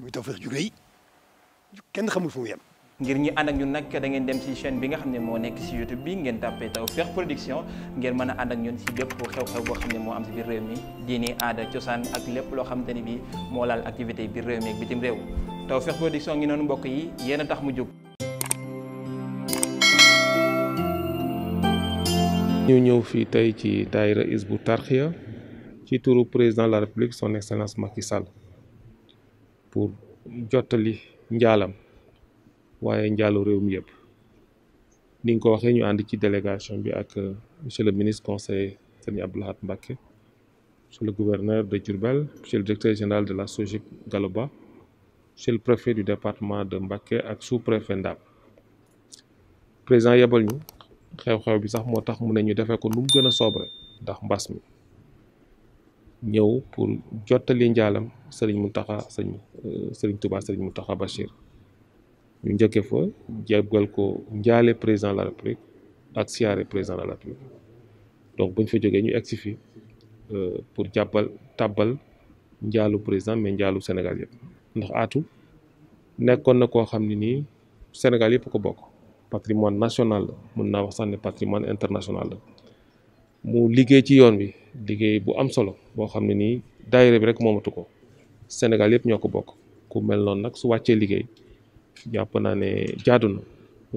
muy Tawfekh ju kenn xamul fu mu yem. ngir ñi ànd ak ñun nag da ngeen dem ci chaîne bi nga xam ne moo nekk ci YouTube bi ngeen tàppee Tawfekh Production ngeen mën a ànd ak ñun ci bépp xew-xew boo xam ne moo am ci biir réew mi diini aada cosaan ak lépp loo xamante ni bi moo laal activité biir réew mi ak bitim réew Tawfekh Production ngi noonu mbokk yi yéen a tax mu jóg. ñu ñëw fii tey ci daayira bu Tarqiyyah ci turu président la République son excellence Macky pour jottali njaalam waaye njaalu réew mi yëpp ni nga ko waxee ñu ànd ci délégation bi ak monsieur le ministre conseil Serigne Abdou Lahad Mbacké monsieur le gouverneur de Diourbel monsieur le directeur général de la SOGIP Gallo Ba monsieur le préfet du département de Mbacké ak sous-préfet Ndam président yebal ñu xew-xew bi sax moo tax mu ne ñu defee ko nu mu gën a sobre ndax mbas mi ñëw pour jottali njaalam sëriñ Mountakha sëriñ euh, sëriñ Touba sëriñ Mountakha Bachir ñu njëkkee fa jéggal ko njaale président la république ak siyaare président de la république donc buñ fa jógee ñu egsi fi euh, pour jàppal tàbbal njaalu président mais njaalu Sénégal yëpp ndax aatu nekkoon na koo xam ne nii Sénégal yëpp ko bokk patrimoine national la mun naa wax sax ne patrimoine international la mu liggéey ci yoon bi liggéey bu am solo boo xam ne nii daayira bi rek moomatu ko Sénégal yëpp ñoo ko bokk ku mel noonu nag su wàccee liggéey jàpp naa ne jaadu na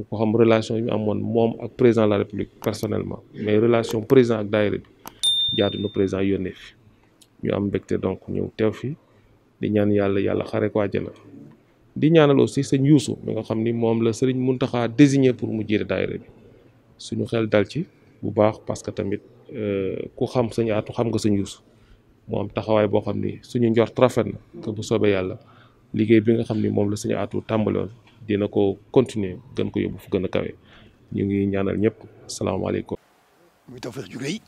ko xam relation yi amoon moom ak président la république personnellement mais relation président ak daayira bi na président yónnee ñu am mbégte donc ñëw teew fi di ñaan yàlla yàlla xare ko àjjana di ñaanal aussi sëñ Youssou mi nga xam ni moom la sëriñ Mountakha désigné pour mu jiite daayira bi suñu xel dal ci bu baax parce que tamit euh, ku xam sañ Atou xam nga sañ Youssou mu am taxawaay boo xam ni suñu njort rafet na te bu soobee yàlla liggéey bi nga xam ni moom la suñu atu tàmbaloon dina ko continuer gën ko yóbbu fu gën a kawe ñu ngi ñaanal ñëpp salaamaaleykum. muy Tawfekh ju rëy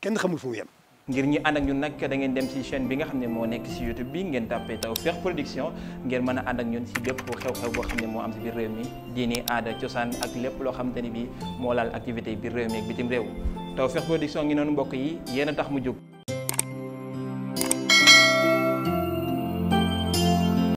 kenn xamul fu yem. ngir ñi ànd ak ñun nag da ngeen dem ci chaîne bi nga xam ne moo nekk ci YouTube bi ngeen tàppee Tawfekh Production ngeen mën a ànd ak ñun ci bépp xew-xew boo xam ne moo am ci biir réew mi diini aada cosaan ak lépp loo xamante ni bi moo laal activité biir réew mi bitim réew Tawfekh Production ngi noonu mbokk yi yéen tax mu jóg.